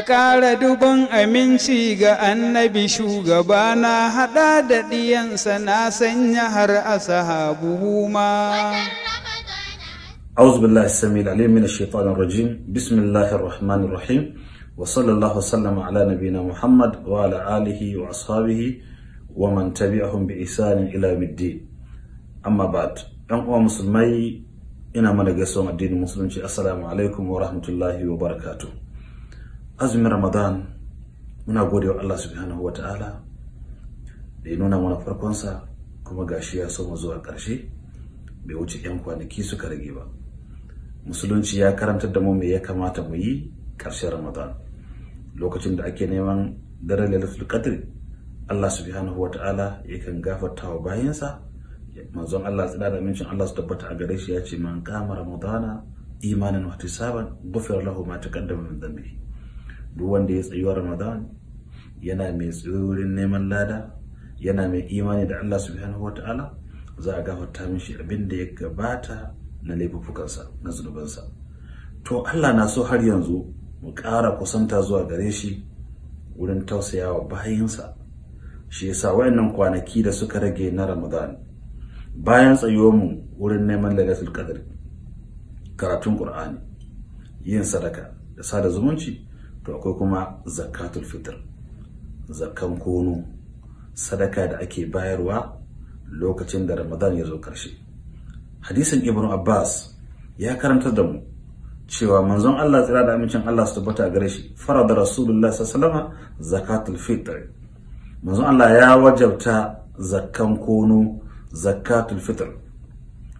ka ƙara duban aminci ga annabi shugaba na haɗa da ɗiyansa na sanya har a sahabuhu ma. أعوذ بالله السميع العليم من الشيطان الرجيم بسم الله الرحمن الرحيم وصلى الله وسلم على نبينا محمد وعلى آله وأصحابه ومن تبعهم بإحسان إلى يوم الدين أما بعد أن مسلمي إنا من الدين المسلم السلام عليكم ورحمة الله وبركاته azumin ramadan muna gode wa allah subhanahu wata'ala da ya nuna mana farkonsa kuma gashi ya soma zuwa karshe bai wuce 'yan kwanaki suka rage ba musulunci ya karanta da mu me ya kamata mu yi ƙarshen ramadan lokacin da ake neman daren lailatul qadr allah subhanahu wata'ala yakan gafarta wa bayansa manzon Allah tsada da mincin Allah su tabbata a gare shi ya ce man kama ramadana imanin wa tisaban ghufira lahu ma taqaddama min dhanbihi duk wanda ya tsayuwa ramadan yana mai tsirorin neman lada yana mai imani da allah subhanahu wata'ala za a gafarta mishi abin da ya gabata na laifuffukansa na zunubansa to allah na so har yanzu mu ƙara kusanta zuwa gare shi wurin tausaya tausayawa bayansa shi yasa wayannan kwanaki da suka rage na ramadan bayan mu wurin neman lailatul qadr karatun qur'ani yin sadaka da sada zumunci to akwai kuma zakatul fitr zakan kono sadaka da ake bayarwa lokacin da ramadan ya zo karshe hadisin ibn abbas ya karanta da mu cewa manzon Allah tsira da amincin Allah su tabbata gare shi farada rasulullah sallallahu alaihi zakatul fitr manzon Allah ya wajabta zakkan kono zakatul fitr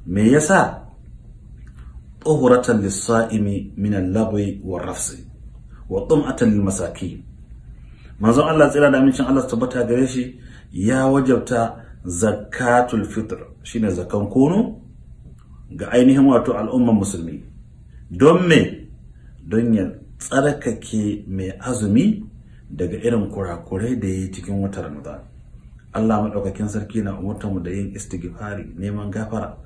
me yasa tuhuratan lis-sa'imi min al-labwi war-rafsi wa qum'atan lil masakin manzon Allah tsira da amincin Allah tabbata gare shi ya wajabta zakatul fitr shine zakan kono ga ainihin wato al'umman musulmi don me don ya tsarkake mai azumi daga irin kurakurai da yi cikin watan Ramadan Allah madaukakin sarki na umurtanmu mu da yin istighfari neman gafara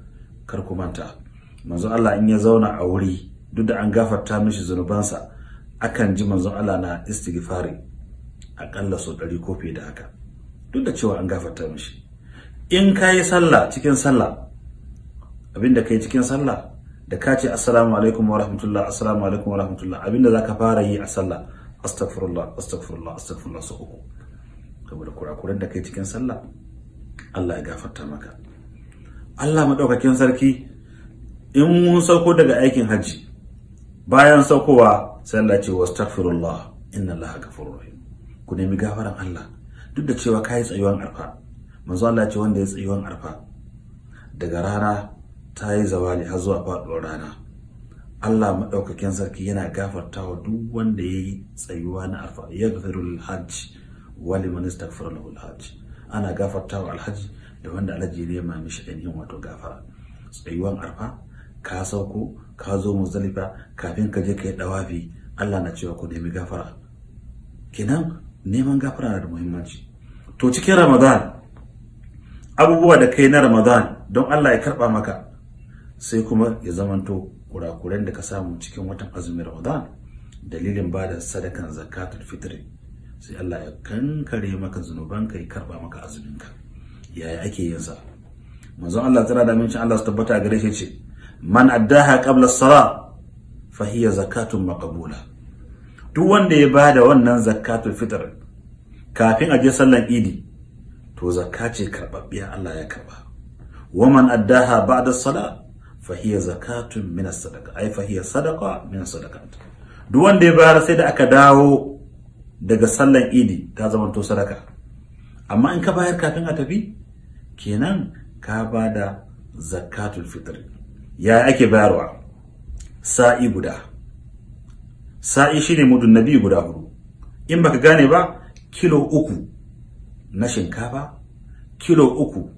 kar ku manta manzo Allah in ya zauna a wuri duk da an gafarta mishi zunubansa akan ji manzon Allah na istighfari akalla so ɗari ko fiye da haka duk da cewa an gafarta mishi in ka yi sallah cikin sallah abinda ka yi cikin sallah da ka ce assalamu alaikum wa rahmatullah assalamu alaikum wa rahmatullah abinda za ka fara yi a sallah astaghfirullah astaghfirullah astaghfirullah sau uku saboda kurakuran da kai cikin sallah Allah ya gafarta maka Allah madaukakin sarki in mun sauko daga aikin hajji bayan saukowa sai Allah ce wastaghfirullah inna Allah ghafurur rahim ku nemi gafaran Allah duk da cewa kai tsayuwan arfa manzo Allah ce wanda ya tsayuwan arfa daga rana ta yi zawali har zuwa faɗuwar rana Allah maɗaukakin sarki yana gafartawa duk wanda ya yi tsayuwa na arfa ya gafirul Alhaji wali minista firul ana gafartawa alhaji da wanda alhaji ne ma mishi ainihin wato gafara tsayuwan arfa ka sauko ka zo muzalifa kafin ka je ka yi dawafi Allah na cewa ku nemi gafara kenan neman gafara na da muhimmanci to cikin ramadan abubuwa da kai na ramadan don Allah ya karba maka sai kuma ya zamanto kurakuren da ka samu cikin watan azumin ramadan dalilin ba da sadakan zakatul fitri sai Allah ya kankare maka zunubanka ya karba maka azuminka yaya ake yin sa manzon Allah tsara da mincin Allah su tabbata gare shi ce man addaha qabla as-salah fa hiya zakatun maqbula duk wanda ya bada wannan zakatul fitr kafin a je sallan idi to zakka ce karbabbiya Allah ya karba wa man addaha ba'da as-salah fa hiya zakatun min as-sadaqa ay fa hiya sadaqa min sadaqat duk wanda ya bayar sai da aka dawo daga sallan idi ta zama to sadaka amma in ka bayar kafin a tafi kenan ka bada zakatul fitr ya ake bayarwa sa'i guda sa'i shine mudun nabi guda hudu in baka gane ba kilo uku na shinkafa kilo uku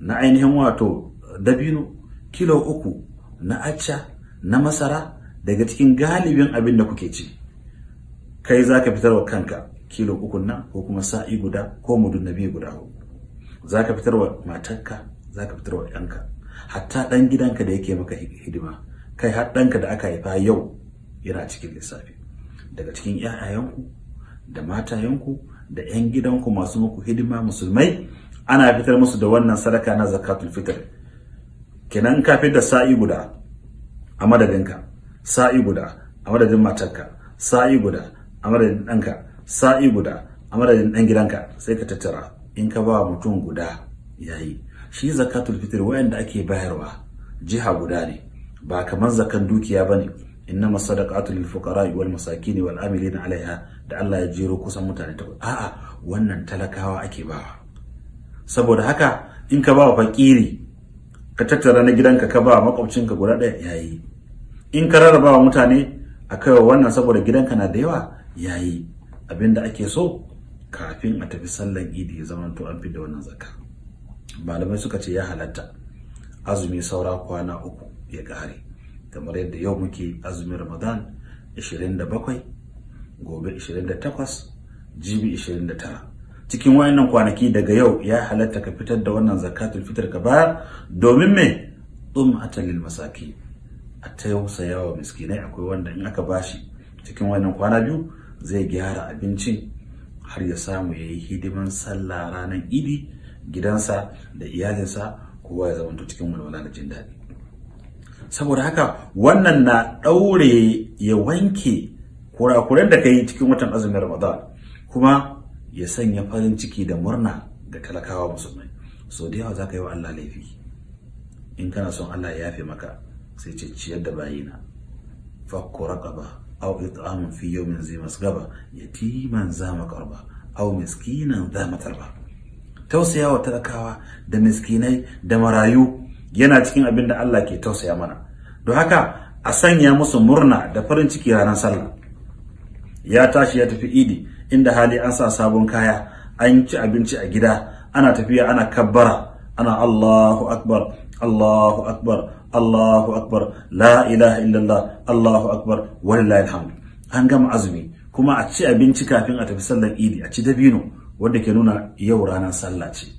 na ainihin wato dabino kilo uku na acca na masara daga cikin galibin abin da kuke ci kai za ka fitarwa kanka kilo uku nan ko kuma sa'i guda ko mudun nabi guda hudu za ka fitarwa matarka za ka fitarwa yanka hatta ɗan gidanka da yake maka hidima kai har ɗanka da aka haifa yau yana cikin lissafi daga cikin ƴaƴayenku da matayenku da ‘yan gidanku masu muku hidima musulmai ana fitar musu da wannan sadaka na zakatul fitr kenan ka fitar da sa'i guda a madadinka sa'i guda a madadin matarka sa'i guda a madadin ɗanka sa'i guda a madadin ɗan gidanka sai ka tattara in ka ba mutum guda yayi shi zakatul fitr wayanda ake bayarwa jiha guda ne ba kamar zakan dukiya bane innama sadaqatu lil fuqara wal masakin wal amilin alaiha da Allah ya jero kusan mutane ta a'a wannan talakawa ake bawa saboda haka in ka bawa fakiri ka tattara na gidanka ka ba makwabcinka guda ɗaya yayi in ka rarrabawa mutane a kaiwa wannan saboda gidanka na da yawa yayi abinda ake so kafin a tafi sallan idi ya zama to an fi da wannan zakka malamai suka ce ya halatta azumi saura kwana uku ya kare kamar yadda yau muke azumin ramadan 27 gobe 28 jibi 29 cikin wayannan kwanaki daga yau ya halatta ka fitar da wannan zakatul fitar ka ba domin me tsum atalil masaki a tausaya wa miskinai akwai wanda in aka bashi cikin wannan kwana biyu zai gyara abincin har ya samu ya yi hidiman sallah ranar idi gidansa da iyalinsa kowa ya zama cikin walwala da jin daɗi saboda haka wannan na ɗaure ya wanke kurakuren da ka yi cikin watan azumin ramadan kuma ya sanya farin ciki da murna ga talakawa musulmai so da yawa za ka yi wa allah laifi in kana son allah ya yafe maka sai ce ciyar da bayina fakko raƙaba au it'amun fi yawmin zai masgaba yatiman za makarba au miskinan za matarba tausayawa talakawa da miskinai da marayu yana cikin abin da Allah ke tausaya mana don haka a sanya musu murna da farin ciki ranar sallah ya tashi ya tafi idi inda hali an sa sabon kaya an ci abinci a gida ana tafiya ana kabbara ana Allahu akbar Allahu akbar Allahu akbar la ilaha illallah Allahu akbar walillahi alhamd an gama azumi kuma a ci abinci kafin a tafi sallar idi a ci dabino wanda ke nuna yau ranar sallah ce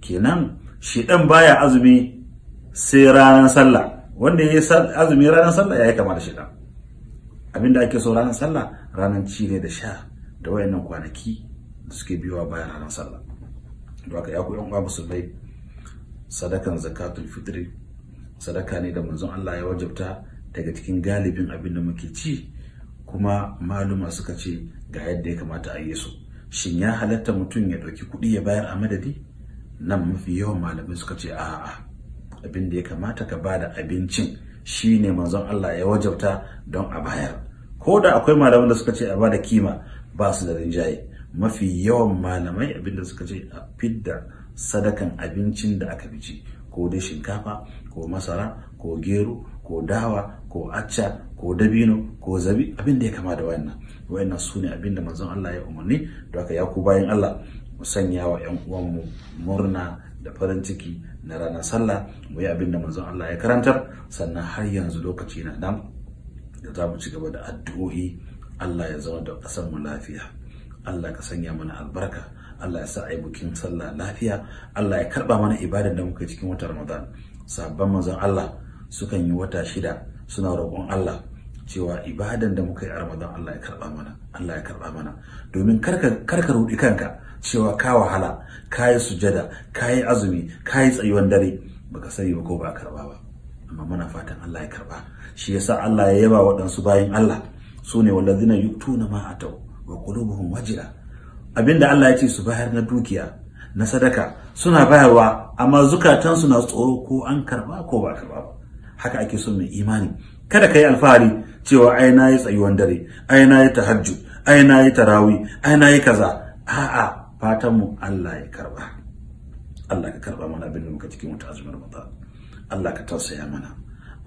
kenan dan baya azumi sai ranar sallah wanda ya azumi ranar sallah ya yi kama da abinda ake so ranar sallah ranar ci ne da sha da wayannan kwanaki da suke biyowa bayan ranar sallah don haka ya ku yan uwa musulmai sadakan zakatul fitri sadaka ne da manzon Allah ya wajabta daga cikin galibin abin da muke ci kuma maluma suka ce ga yadda ya kamata a yi su shin ya halatta mutum ya ɗauki kuɗi ya bayar a madadi nan mafi yawan malamai suka ce a'a abin da ya kamata ka bada abincin shine manzon Allah ya wajabta don a bayar ko da akwai malamin da suka ce a bada kima ba su da rinjaye mafi yawan malamai abin da suka ce a fidda sadakan abincin da aka bici ko dai shinkafa ko masara ko gero ko dawa ko acca ko dabino ko zabi abin da ya kama da wannan wayannan su ne abin da manzon Allah ya umarni da haka ya ku bayan Allah mu sanya wa ƴan uwanmu murna da farin ciki na ranar sallah mu yi abin da manzon Allah ya karantar sannan har yanzu lokaci na dan da za mu ci gaba da addu'o'i Allah ya zama da ƙasar mu lafiya Allah ka sanya mana albarka Allah ya sa a yi bukin sallah lafiya Allah ya karba mana ibadan da muka cikin watan Ramadan sabban manzon Allah sukan yi wata shida suna roƙon Allah cewa ibadan da muka yi a Ramadan Allah ya karba mana Allah ya karba mana domin karka karka rudi kanka cewa ka wahala ka yi sujada ka yi azumi ka yi tsayuwan dare baka sani ba ko ba karba ba amma muna fatan Allah ya karba shi yasa Allah ya yaba waɗansu bayan Allah su ne wallazina yuktuna ma atau wa qulubuhum wajila abinda Allah ya ce su bayar na dukiya na sadaka suna bayarwa amma zukatansu na tsoro ko an karba ko ba karba ba haka ake so mai imani kada ka yi alfahari cewa ai na yi tsayuwan dare ai na yi tahajjud ai na yi tarawi ai na yi kaza a'a fatan mu Allah ya karba Allah ka karba mana abin da muka cikin wata azumin Ramadan Allah ka tausaya mana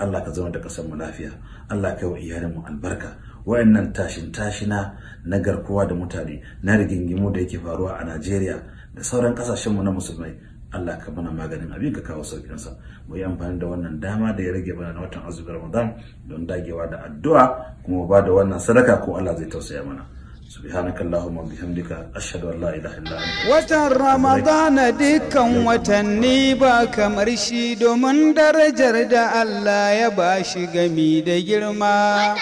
Allah ka zama da kasar mu lafiya Allah ka yi wa iyalin albarka wayannan tashin tashina na garkuwa da mutane na rigingimu da yake faruwa a Najeriya da sauran kasashenmu na musulmai Allah ka mana maganin abin ka kawo sauƙinsa mu yi amfani da wannan dama da ya rage mana na watan azumin Ramadan don dagewa da addu'a kuma ba da wannan sadaka ko Allah zai tausaya mana سبحانك اللهم وبحمدك أشهد أن لا إله إلا أنت وتر رمضان دكم وتني با kamar shi domin darajar da Allah ya shi gami da girma